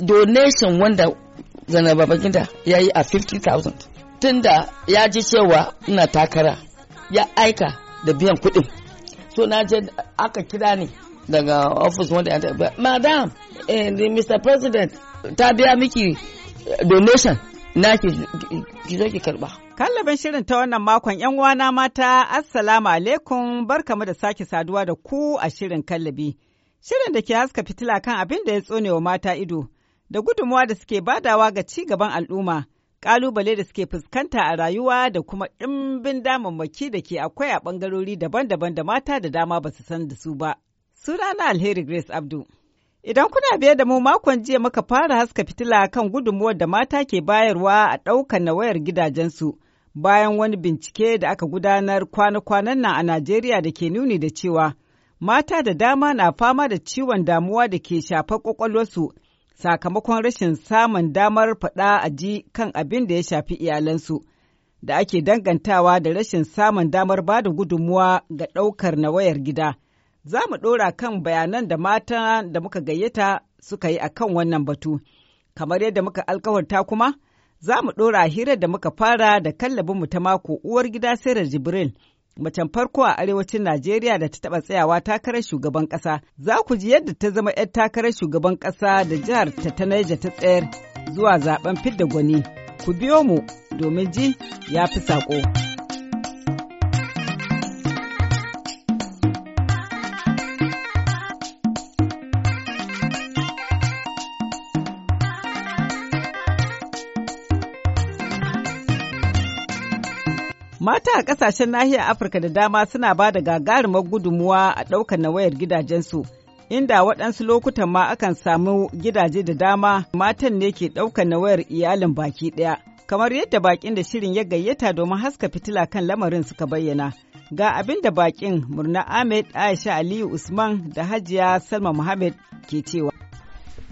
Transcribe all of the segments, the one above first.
donation wanda zanar babaginda ya yi a 50,000 tunda ya ji cewa ina takara ya aika da biyan kudin so na je aka kira ni daga ofis wanda ya taɓa madam and eh, mr president ta biya miki eh, donation na ki zo ki karba Kallabin shirin ta wannan makon ‘yan uwana mata, Assalamu alaikum, barkamu da sake saduwa da ku a shirin kallabi. Shirin da ke haska fitila kan abin da ya tsone wa mata ido, da gudunmuwa da suke badawa ga ci gaban al'umma, ƙalubale da suke fuskanta a rayuwa da kuma ɗimbin damammaki da ke akwai a ɓangarori daban-daban da mata da dama ba su san da su ba. Sunana Alheri Grace Abdu. Idan kuna biye da mu makon jiya muka fara haska fitila kan gudunmuwar da mata ke bayarwa a ɗaukar na wayar gidajensu bayan wani bincike da aka gudanar kwana-kwanan nan a Najeriya da ke nuni da cewa mata da dama na fama da ciwon damuwa da ke shafar kwakwalwarsu sakamakon rashin samun damar faɗa a ji kan abin da ya shafi iyalansu da ake dangantawa da rashin samun damar ba da gudunmuwa ga ɗaukar na wayar gida. Za mu ɗora kan bayanan da mata da muka gayyata suka yi a kan wannan batu. Kamar yadda muka alkawarta kuma, za mu ɗora hirar da muka fara da kallabin mu ta mako uwar gida Sarah Jibril. Macen farko a arewacin Najeriya da ta taɓa tsayawa takarar shugaban ƙasa, za ku ji yadda ta zama 'yar takarar shugaban ƙasa da jihar ta ta naija ta tsayar zuwa zaben fidda gwani. Ku biyo mu domin ji ya fi saƙo. Mata a ƙasashen nahiyar Afirka da dama suna ba da gagarumar gudunmuwa a ɗaukar na wayar gidajensu, inda waɗansu lokutan ma akan samu gidaje da dama matan ne ke ɗaukar na wayar iyalin baki ɗaya. Kamar yadda bakin da shirin ya gayyata domin haska fitila kan lamarin suka bayyana. Ga abin da bakin Murna Ahmed, Aisha Aliyu Usman da Hajiya Salma Muhammad ke cewa.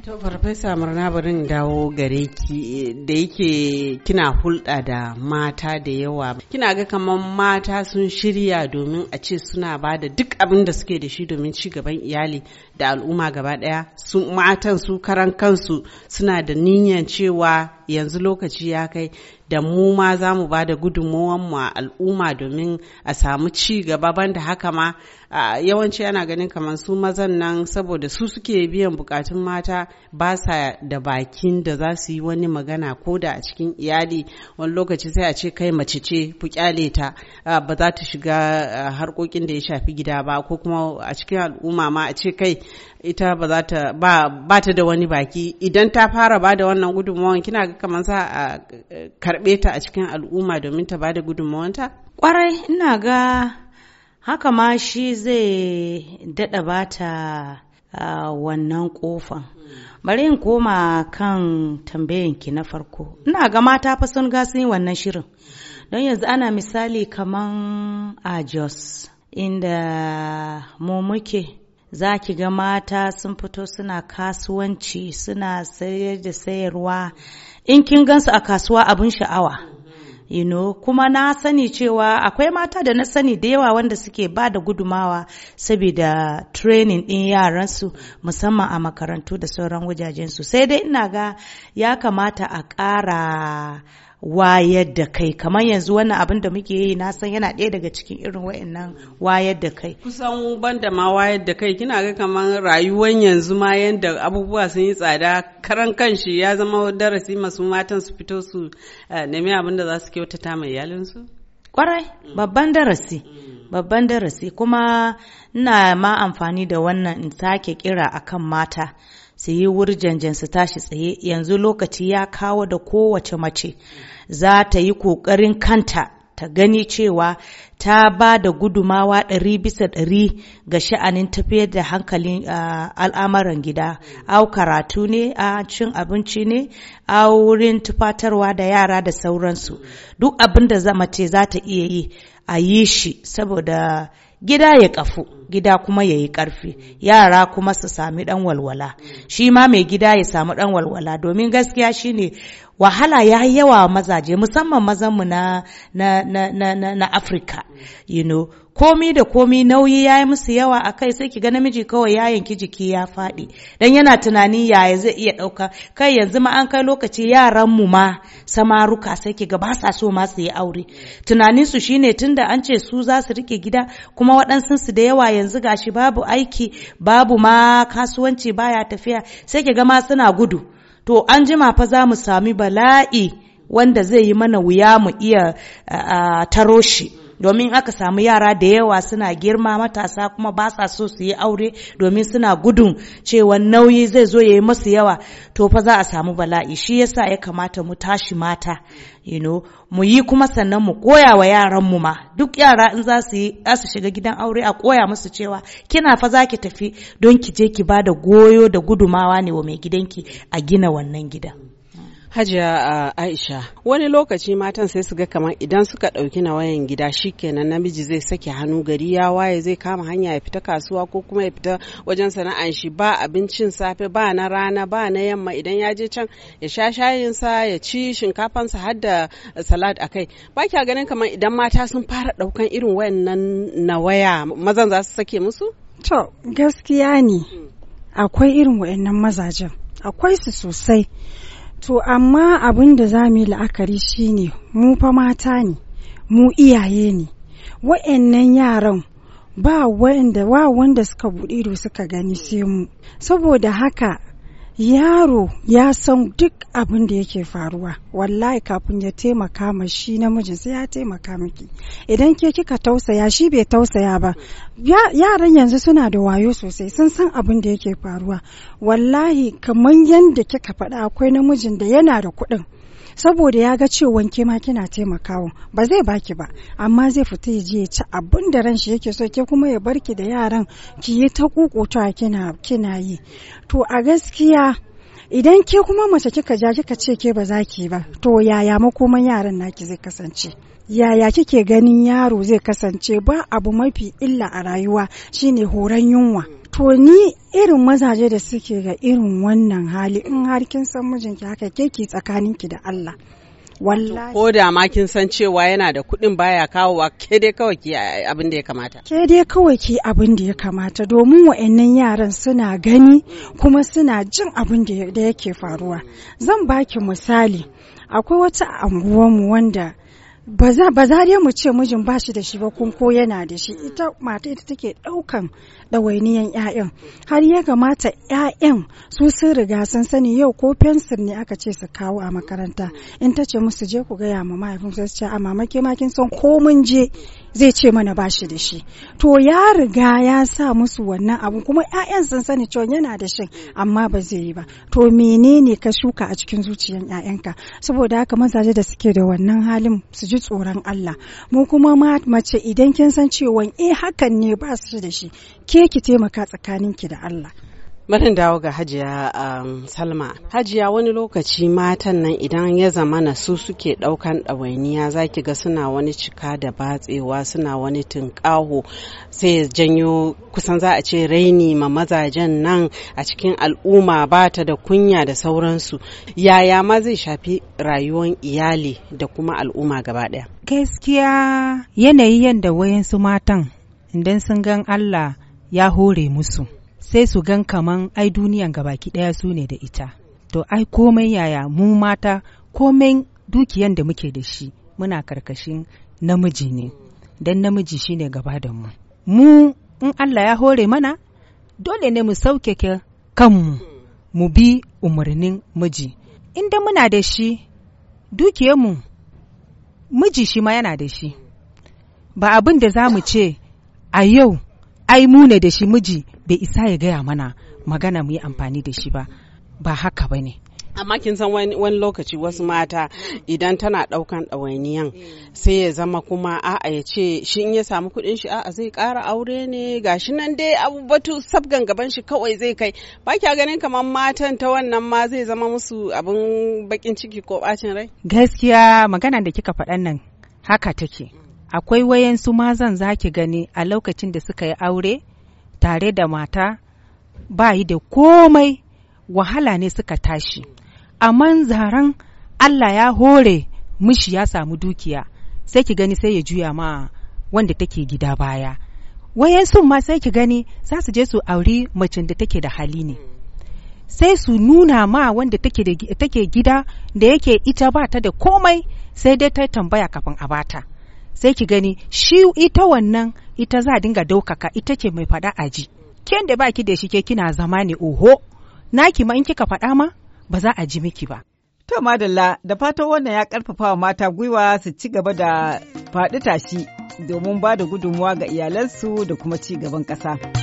To Farfesa Murna barin dawo gare ki da yake kina hulɗa da mata da yawa. Kina ga kamar mata sun shirya domin a ce suna ba da duk abin da suke da shi domin ci gaban iyali da al'umma gaba ɗaya. matan su karan kansu suna da niyyar cewa yanzu lokaci ya kai da mu ma za mu ba da gudunmuwan mu a al'umma domin a samu ci gaba banda haka ma yawanci ana ganin kamar su mazan nan saboda su suke biyan bukatun mata ba sa da bakin da za su yi wani magana ko da a cikin iyali wani lokaci sai a ce kai mace ce ku kyale ta ba za ta shiga harkokin da ya shafi gida ba ko kuma a cikin al'umma ma a ce kai ita ba za ta ba ta da wani baki idan ta fara ba da wannan gudunmuwan kina kamar za a eh, karɓe ta a cikin al'umma domin ta bada gudunmawanta? Kwarai ina ga haka ma shi zai daɗa bata ta wannan kofan. Bari in koma kan ki na farko. Ina ga mata fa sun yi wannan shirin. Don yanzu ana misali kamar a Jos inda mu muke za ki ga mata sun fito suna kasuwanci suna sayar da sayarwa in kin gansu a kasuwa abin sha'awa you know kuma na sani cewa akwai mata da na sani da yawa wanda suke ba da gudumawa saboda training din yaransu musamman a makarantu da sauran wajajensu sai dai ina ga ya kamata a ƙara wayar da kai kamar yanzu wannan abin da muke yi na san yana ɗaya daga cikin irin wayannan wayar da kai kusan banda ma wayar da kai kina ga kamar rayuwar yanzu ma yanda abubuwa sun yi tsada karan kanshi ya zama darasi masu matan su fito su eh, nemi abin da za su kyautata mai iyalinsu kwarai babban darasi babban darasi kuma ina ma amfani da wannan in sake kira akan mata su yi wurjanjan su tashi tsaye yanzu lokaci ya kawo da kowace mace za ta yi ƙoƙarin kanta ta gani cewa ta ba da gudumawa ɗari bisa ɗari ga sha'anin tafiyar da hankalin al'amuran gida au karatu ne a cin abinci ne a wurin tufatarwa da yara da sauransu duk abin da zama ce za ta iya yi a yi shi saboda gida ya kafu gida kuma ya yi ƙarfi yara kuma su sami ɗan walwala shi ma mai gida ya samu ɗan walwala domin gaskiya shine wahala ya yi yawa mazaje musamman mazanmu na na na na na, na Africa you know komi da komi nauyi ya yi musu yawa a kai sai ki ga namiji kawai ya yanki jiki ya faɗi dan yana tunani yaya zai iya ɗauka kai yanzu ma an kai lokaci yaran mu ma samaruka sai ki ga ba sa so ma su yi aure tunanin su shine tunda an ce su za su rike gida kuma waɗansu su da yawa yanzu gashi babu aiki babu ma kasuwanci baya tafiya sai ki ga ma suna gudu to an jima fa za mu sami bala'i wanda zai yi mana wuya mu iya taro shi domin aka samu yara da yawa suna girma matasa kuma ba sa so su yi aure domin suna gudun cewa nauyi zai zo ya yi masu yawa to fa za a samu bala'i shi yasa ya kamata mu tashi mata you know mu yi kuma sannan mu koya wa yaran mu ma duk yara in za su za su shiga gidan aure a koya musu cewa kina fa za ki tafi don ki je ki ba da goyo da gudumawa ne wa mai gidanki a gina wannan gidan Hajiya Aisha wani lokaci matan sai su ga kamar idan suka ɗauki na wayan gida shikenan namiji zai sake hannu gari ya waye zai kama hanya ya fita kasuwa ko kuma ya fita wajen sana'an shi ba abincin safe ba na rana ba na yamma idan ya je can ya sha shayinsa ya ci shinkafansa har da salad a kai ba kya ganin kamar idan mata sun fara ɗaukan irin wayannan na waya mazan za su sake musu to gaskiya ne mm. akwai irin wayannan mazajen akwai su sosai To amma abin da za mu yi la'akari shi ne mu fa mata ne, mu iyaye ne, wa'annan yaran ba wanda suka buɗe ido suka gani sai mu. Saboda haka yaro ya san duk abin da yake faruwa wallahi kafin ya taimaka ma shi namijin sai ya taimaka miki idan ke kika tausaya shi bai tausaya ba yaran yanzu suna da wayo sosai sun san abin da yake faruwa wallahi kamar yadda kika faɗa akwai namijin da yana da kuɗin saboda ya ga cewa wanke ma kina taimakawa ba zai baki ba amma zai fita ya je ya ci abin da ran shi yake so ke kuma ya barki da yaran ki yi ta kukuta kina kina yi to a gaskiya idan ke kuma mace kika ja kika ce ke ba za ki ba to yaya makoman yaran naki zai kasance yaya kike ganin yaro zai kasance ba abu mafi illa a rayuwa shine horon yunwa to ni irin mazaje da suke ga irin wannan hali in har kin san mijinki haka tsakanin tsakaninki da Allah wallahi ko da ma kin san cewa yana da kuɗin baya kawowa ke dai kawai ke abin da ya kamata ke dai kawai ke abin da ya kamata domin wa'annan yaran suna gani kuma suna jin abin da yake faruwa zan baki misali akwai wata anguwanmu wanda ba za mu ce mijin ba shi da shi ba kun ko yana da shi ita mata ita take daukan ɗawainiyan 'ya'yan har ya kamata 'ya'yan su sun riga sun sani yau ko fensir ne aka ce su kawo a makaranta in ta ce musu je ku gaya ma mahaifin su ce a mama ma kin san ko mun je zai ce mana ba shi da shi to ya riga ya sa musu wannan abu kuma 'ya'yan sun sani cewa yana da shi amma ba zai yi ba to menene ka shuka a cikin zuciyan 'ya'yanka saboda haka mazaje da suke da wannan halin su ji tsoron Allah mu kuma mace idan kin san cewa eh hakan ne ba su da shi ke ki taimaka tsakaninki da Allah Barin dawo ga Hajiya um, Salma. Hajiya wani lokaci matan nan idan ya zama na su suke ɗaukan ɗawainiya za ki ga suna wani cika da batsewa suna wani tunƙaho sai janyo kusan za a ce raini ma mazajen nan a cikin al'umma ba ta da kunya da sauransu. Yaya ma zai shafi rayuwar iyali da kuma al'umma gaba ɗaya? Gaskiya yanayi yadda wayansu matan idan sun gan Allah ya hore musu. sai su gan kaman ai duniyan ga baki ɗaya su ne da ita to ai komai yaya mu mata komai dukiyan da muke da shi muna karkashin namiji ne dan namiji shine gaba da mu mu in Allah ya hore mana dole ne mu sauke kanmu mu bi umarnin miji inda muna da shi mu miji shi ma yana da shi ba abin da za mu ce a yau ai mu ne da shi miji bai isa ya gaya mana magana mu yi amfani da shi ba ba haka ba ne amma kin san wani lokaci wasu mata idan tana daukan ɗawainiyan sai ya zama kuma a'a ya ce shi in ya samu kuɗin shi a'a zai ƙara aure ne gashi nan dai abubatu sabgan gaban shi kawai zai kai ba kya ganin kamar matan ta wannan ma zai zama musu abin bakin ciki ko bacin rai gaskiya magana da kika faɗan nan haka take akwai wayansu mazan zaki gani a lokacin da suka yi aure tare da mata ba yi da komai wahala ne suka tashi amma zaren Allah ya hore mishi ya samu dukiya sai ki gani sai ya juya ma wanda take gida baya wayansu ma sai ki gani za su je su auri macin da take da hali ne sai su nuna ma wanda take gida da yake ita ba ta da komai sai dai ta tambaya kafin a bata sai ki gani shi ita wannan ita za dinga daukaka ita ce mai faɗa aji ji da baki da shi ke kina zama ne oho naki ma in kika faɗa ma ba za a ji miki ba To madalla da fatan wannan ya karfafa wa mata gwiwa su ci gaba da faɗi tashi domin ba da gudunmuwa ga iyalansu da kuma ci gaban ƙasa.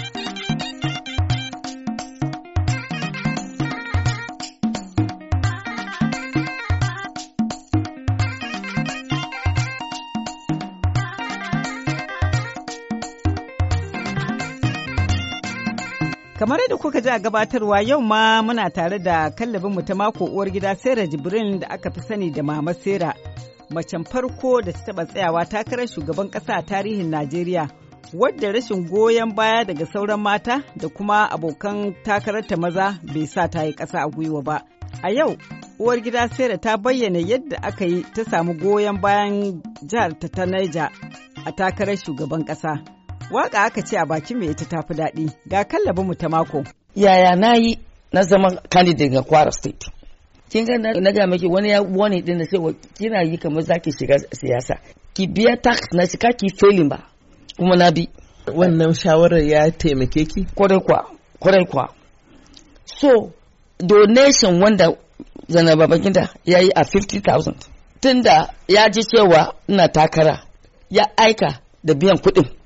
Kamar yadda kuka ji a gabatarwa yau ma muna tare da kallabin mu ta mako uwar gida Sera Jibrin da aka fi sani da Mama Sera, macen farko da ta taba tsayawa takarar shugaban kasa a tarihin Najeriya, wadda rashin goyon baya daga sauran mata da kuma abokan takararta maza bai sa ta yi kasa a gwiwa ba. A yau, uwar gida Sera ta bayyana yadda aka yi ta samu goyon bayan jihar ta ta Niger a takarar shugaban kasa. Waka aka ce a bakin mai ita tafi daɗi ga kallabin mu ta mako. Yaya na yi na zama candidate ga Kwara State. Kin ga na ga miki wani ya wani din da cewa kina yi kamar zaki shiga siyasa. Ki biya tax na shiga ki failin ba. Kuma na bi. Wannan shawarar ya taimake ki? Kwarai kwa, kwarai kwa. So, donation wanda zana babakin da ya yi a 50,000 tunda ya ji cewa ina takara ya aika da biyan kuɗin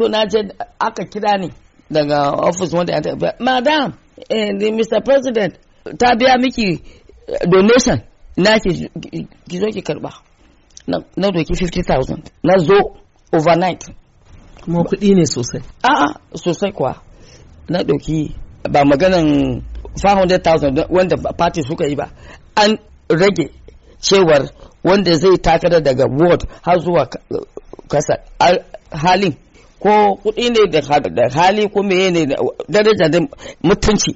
so na je aka kira ni daga office wanda ya tafiya madam and eh, mr president ta biya miki eh, donation na ki zo ki karba na doki 50,000 na zo overnight kuma kuɗi ne sosai a'a sosai kuwa na doki ba maganan 500,000 wanda party suka yi ba an rage cewar wanda zai takara daga ward har zuwa eh, kasa halin ko kuɗi ne da hali ko meye ne daraja da mutunci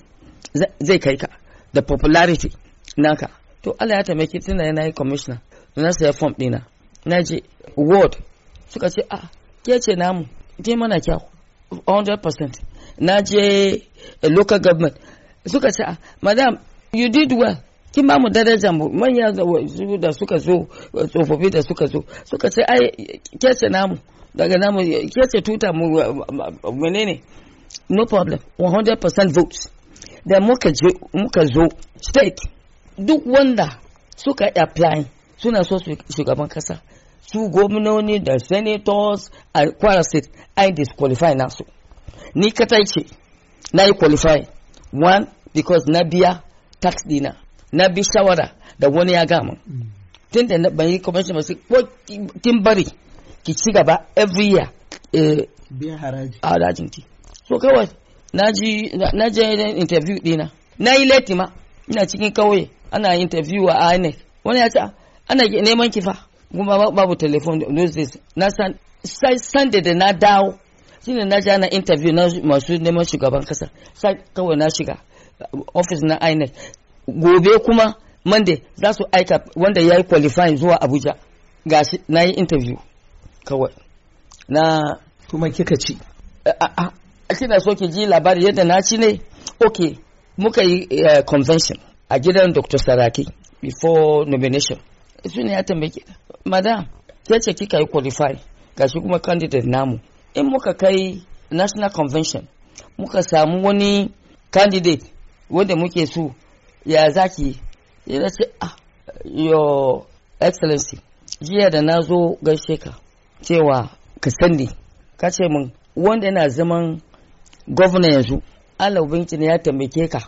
zai kai ka da popularity naka to Allah ya taimake tunda yana yi commissioner na saya form dina na je ward suka ce a ah, ke ce namu je mana kyau 100% na je local government suka ce a ah, madam you did well kin ba mu daraja mu manya da suka zo tsofaffi da suka zo suka ce ai ke ce namu daga namu ke ce tuta mu menene no problem 100% votes da muka je muka zo state duk wanda suka apply suna so su shugaban kasa su gwamnoni da senators a kwara state i disqualify nasu ni katai ce na yi qualify one because na biya tax dina na bi shawara da wani ya gama mm. tun da ban yi kwamishin masu ko bari ki ci gaba every year eh, biyan haraji a harajin ki so kawai na je interview dina na yi leti ma ina cikin kawai ana interview a INEC wani ya ce ana neman kifa kuma babu telefon those days na san sunday da na dawo shine na je ana interview na masu neman shugaban kasa sai kawai na shiga uh, office na INEC gobe kuma monday za su aika wanda ya yi qualifying zuwa abuja gashi na yi interview kawai na kuma kika ci a kina so ki ji labari yadda na ci ne ok muka yi eh, convention a gidan dr saraki before nomination su ne ya tambaye madam ke ce kika yi qualify shi kuma candidate namu in muka kai national convention muka samu wani candidate wanda muke so ya zaki ya ce ah your excellency jiya da na zo gaishe ka cewa ka sani ka ce min wanda yana zaman gwamna yanzu Allah ubangiji ne ya tambake ka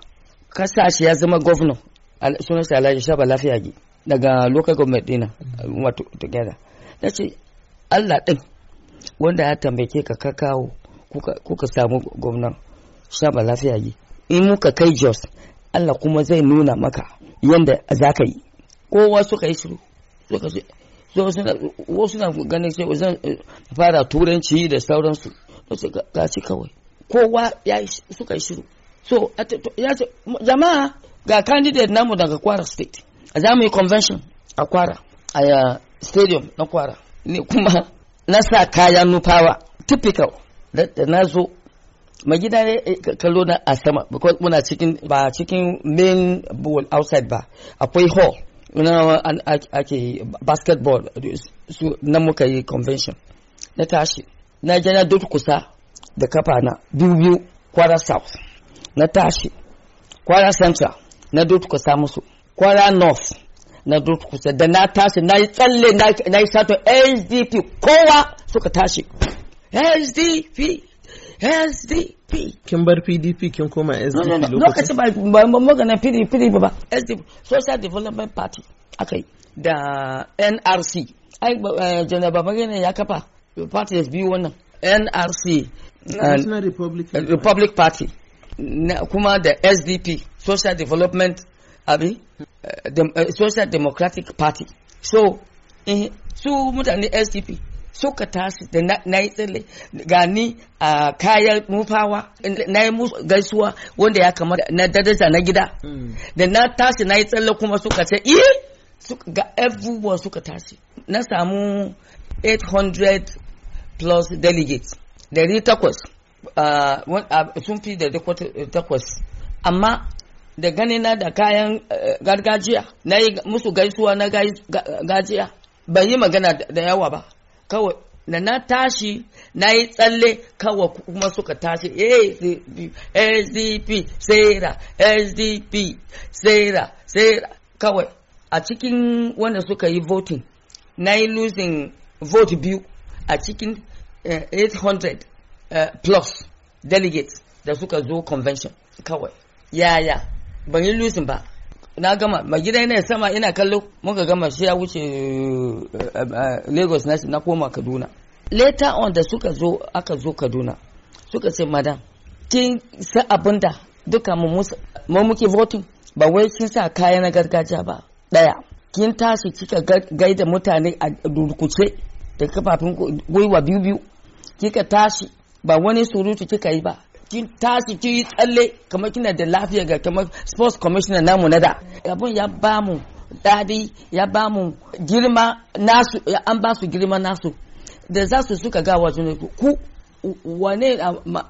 ka sa shi ya zama gwamna sunan shi Alhaji Shaba Lafiya gi daga local government dina mm. wato together na ce Allah din wanda ya tambake ka ka kawo kuka samu gwamna Shaba Lafiya gi in muka kai Jos Allah kuma zai nuna maka yanda za ka yi kowa suka yi shiru suka wasu na ganin sai zan eh, fara turanci da sauransu su ga shi kawai kowa ya suka yi shiru so ya ce jama'a ga candidate namu daga kwara state za mu yi convention a kwara a stadium na kwara ne kuma na sa kaya nufawa typical da na zo magida gida ne eh, kallo na a sama because muna cikin ba cikin main bowl outside ba akwai hall na ake yi basketball su nan muka yi convention na tashi na je na kusa da kafa na biyu kwara south na tashi kwara central na kusa musu kwara north na kusa da na tashi na yi tsalle na yi sato hdp kowa suka tashi hdp SDP. Kin bar PDP kin koma SDP lokaci? Lokacin ba magana PDP ba SDP Social Development Party aka yi da NRC. Ai Janar eh, Babangida ya kafa parties biyu wannan NRC. National Republican Republic Party. Kuma da SDP Social Development abi eh, eh, Social Democratic Party. So su mutane SDP suka tasi da na yi ga gani a kayan mufawa na yi musu gaisuwa wanda ya kamar na dadaza na gida mm. da na tasi na yi tsalle kuma suka ce yi ga everyone suka tasi. na samu 800 plus delegates dari takwas sun fi da takwas amma da ganina da kayan eh, gargajiya na yi musu gaisuwa na gajiya ban yi magana da yawa ba kawai na na tashi na yi tsalle kawai kuma suka tashi SDP SDP Sera SDP Sera Sera kawai a cikin wanda suka yi voting na yi losing vote biyu a cikin 800 eh, eh, plus delegates da suka zo convention kawai yaya ban yi losing ba na gama ma gida ne sama ina kallo muka gama shi ya wuce eh, eh, lagos na koma kaduna later on da suka zo aka zo kaduna suka ce madam kin sa abin duka mu muke voting ba wai kin sa kaya na gargajiya ba daya kin tashi kika gaida mutane a durkuce da kafafin gwiwa biyu biyu kika tashi ba wani surutu kika yi ba kin tashi ki yi tsalle kamar kina da lafiya ga kamar sports commissioner namu na da abun ya bamu dadi ya bamu girma nasu an ba su girma nasu da za su suka ga wajen ku wane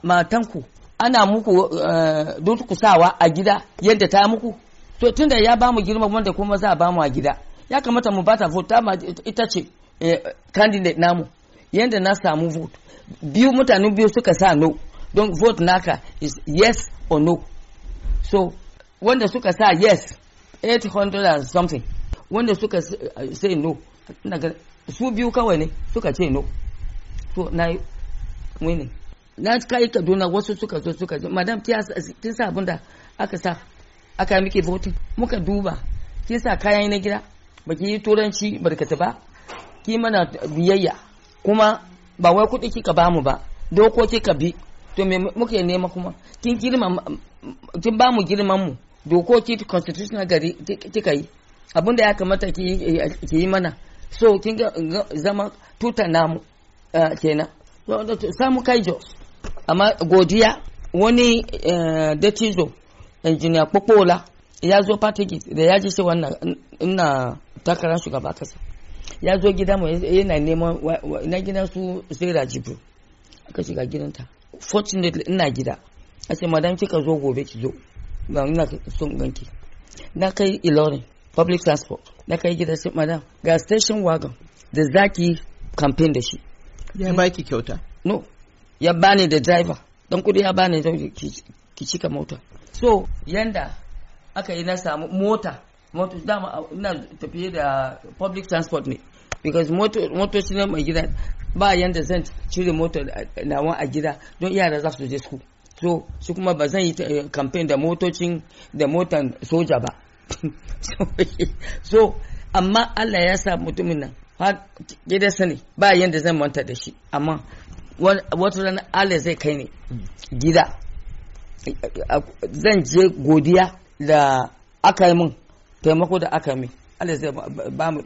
matanku ana muku eh, durkusawa a gida yadda ta muku to tunda ya bamu girma wanda kuma za a bamu a gida ya kamata mu bata vote ita ce eh, candidate namu yadda na samu vote biyu mutane biyu suka sa no don vote naka is yes or no so wanda suka sa yes 800 and something wanda suka uh, say no su biyu kawai ne suka ce no so na yi winning na kai kaduna wasu suka zo suka zo madam kin sa abinda aka sa aka miki voting muka duba kin sa kayan na gida baki yi turanci barkata ba ki mana biyayya kuma ba wai kuɗi kika bamu ba dokoki ka bi to me muke nema kuma kin girma kin ba mu girman mu dokoki constitutional gari kika yi abinda ya kamata ki yi mana so kin zama tuta namu eh, kenan samu kai jos amma godiya wani eh, dattijo injiniya popola ya zo patigis da ya ji cewa ina takarar shugaba kasa ya zo gida mu yana neman na gidan su sai rajibu aka shiga gidanta fortunately ina gida a ce madan kika zo gobe ki zo ga ina son ganki na kai ilorin public transport na kai gida sai madan ga station wagon da zaki campaign da shi ya baki kyauta no ya bani da driver dan kudi ya bani da ki cika mota so yanda aka yi na samu mota mota dama ina tafiye da public transport ne because motoci na mai gida ba yanda zan cire motar eh, nawa a gida don yara za su je su so su kuma ba zan yi eh, campaign da motocin da motan soja ba so amma Allah ya sa mutumin nan har gida sani ba yanda zan manta da shi amma wata rana Allah zai kai ni gida eh, zan je godiya da aka yi min taimako da aka yi min Allah zai ba mu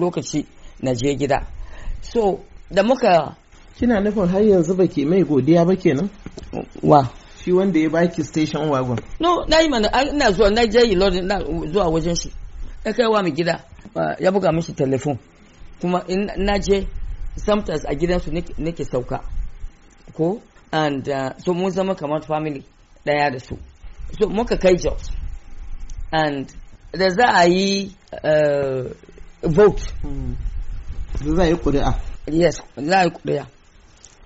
lokaci na je gida so da muka kina nufin har yanzu ba ke mai godiya ba kenan wa shi wanda ya baki station wagon no na yi mana ina zuwa na je lori na zuwa wajen shi ya kai wa mu gida ya buga mishi telefon kuma na je sometimes a gidansu nake sauka ko and uh, so mun zama kamar family daya da su so muka kai jobs and da za a yi uh, vote mm. za a yi ƙuri'a yes za a yi ƙuri'a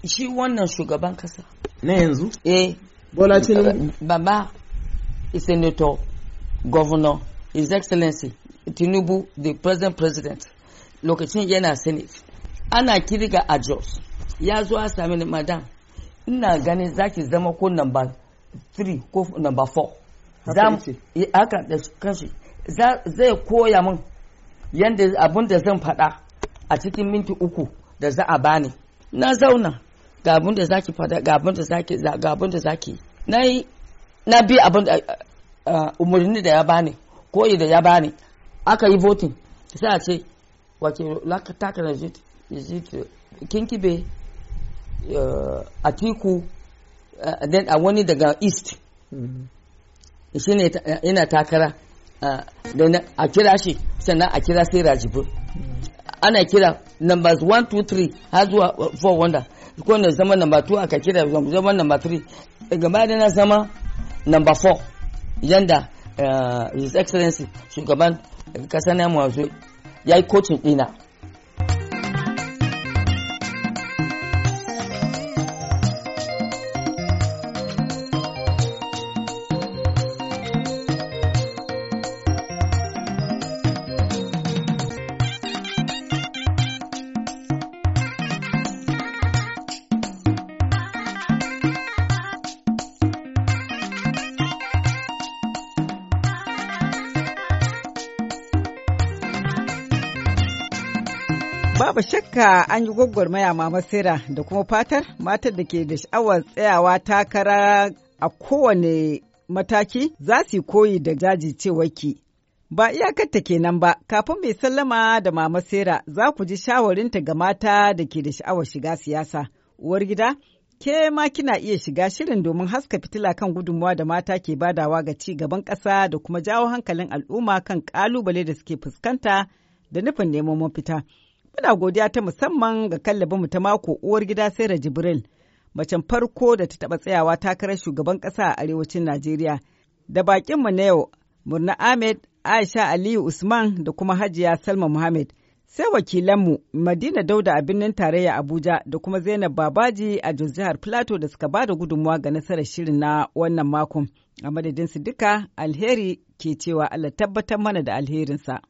shi wannan shugaban kasa na yanzu eh bola tinubu baba senator governor his excellency tinubu the present president lokacin yana senate ana kirga a jos ya zo a sami ni madam ina ganin zaki zama ko number three ko number 4 eh, haka da kanshi zai koya min yadda abin da zan faɗa a cikin minti uku da za a bani na zauna ga abin da zaki fada ga abin da zaki ga abin da zaki na yi na bi abin da umarni da ya bani koyi da ya bani aka yi voting sai a ce wace laka taka na kinkibe atiku then a wani daga east mm-hmm. shi ne yana takara a kira shi sannan a kira sai rajibu mm-hmm. ana kira numbers 1 2 3 har zuwa 4 uh, wanda ko ne zama number 2 aka kira zama number 3 gaba da na zama number 4 yanda uh, his excellency shugaban kasa uh, na masu ya yi kocin ɗina Babu shakka an yi maya Mama Sera da kuma fatar matar da ke da sha'awar tsayawa takara a kowane mataki za su koyi da jaji cewaki. Ba iyakarta kenan ba, kafin mai sallama da Mama Sera za ku ji shawarinta ga mata da ke da sha'awar shiga siyasa. Uwar gida, ke ma kina iya shiga shirin domin haska fitila kan gudunmuwa da mata ke badawa ga ci gaban ƙasa da kuma jawo hankalin al'umma kan ƙalubale da suke fuskanta da nufin neman mafita. Muna godiya ta musamman ga kallabinmu ta mako uwar gida Sera Jibril, macen farko da ta taɓa tsayawa takarar shugaban ƙasa a arewacin Najeriya. Da baƙinmu na yau, Murna Ahmed, Aisha Aliyu Usman da kuma Hajiya Salma Muhammad. Sai wakilanmu Madina Dauda a birnin tarayya Abuja da kuma Zainab Babaji a Jos jihar Plateau da suka ba da gudunmuwa ga nasarar shirin na wannan makon. A madadinsu duka alheri ke cewa Allah tabbatar mana da alherinsa.